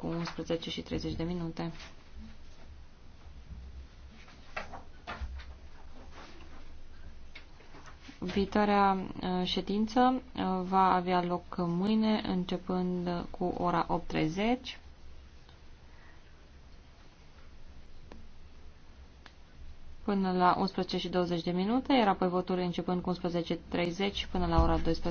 cu 11 și 30 de minute. Viitoarea uh, ședință uh, va avea loc mâine, începând cu ora 8.30. până la 11 și 20 de minute, iar apoi voturile începând cu 11.30 până la ora 12.